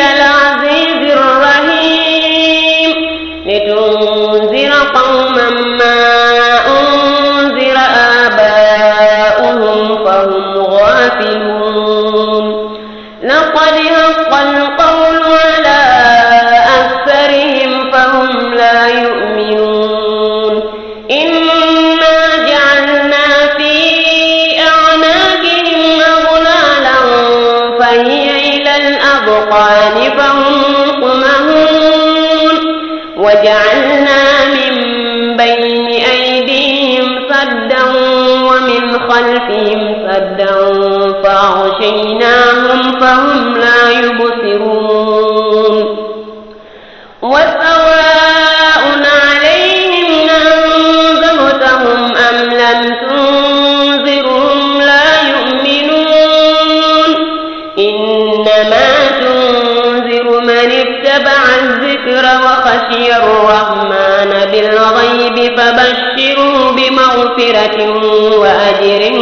لَلَعَالَمِينَ غالبهم قمهون وجعلنا من بين أيديهم سدا ومن خلفهم سدا فأغشيناهم فهم لا يبصرون اتبع الذكر وخشي الرحمن بالغيب فبشروا بمغفرة وأجر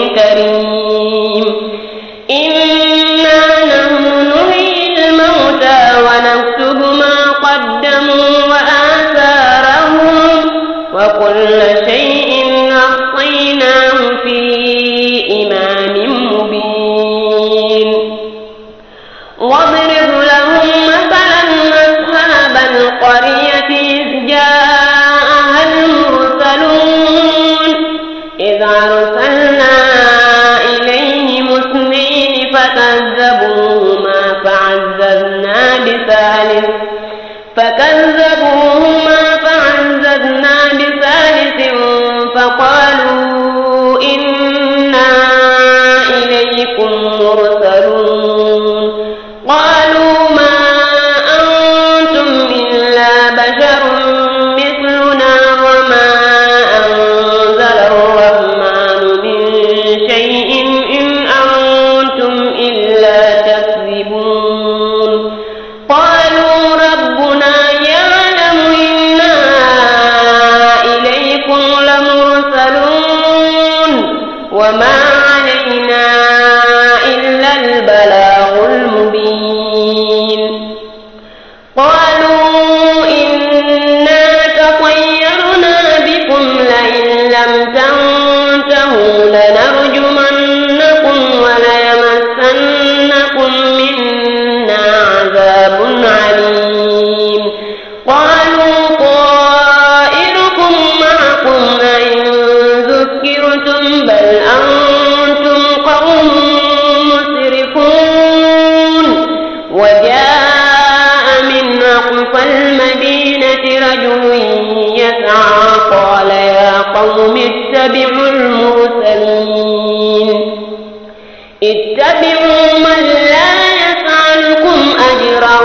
المدينة رجل يسعى قال يا قوم اتبعوا المرسلين اتبعوا من لا يسعلكم أجرا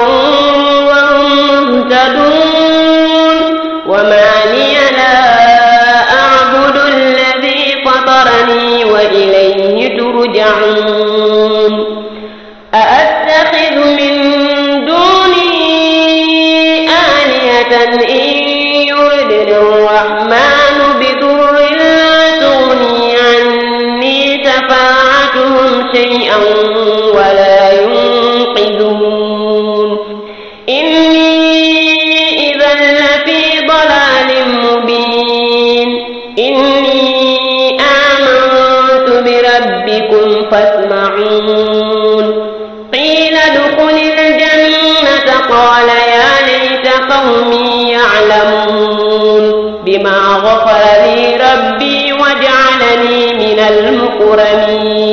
وهم مهتدون وما لي لا أعبد الذي فطرني وإليه ترجعون إن يرد الرحمن بضر لا تغني عني شفاعتهم شيئا ولا ينقذون إني إذا لفي ضلال مبين إني آمنت بربكم فاسمعون قيل ادخل الجنة قال يا قوم يعلمون بما غفر لي ربي وجعلني من المكرمين